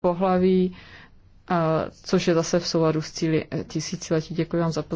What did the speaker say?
pohlaví, což je zase v souladu s cíli eh, tisíciletí. Děkuji vám za pozornost.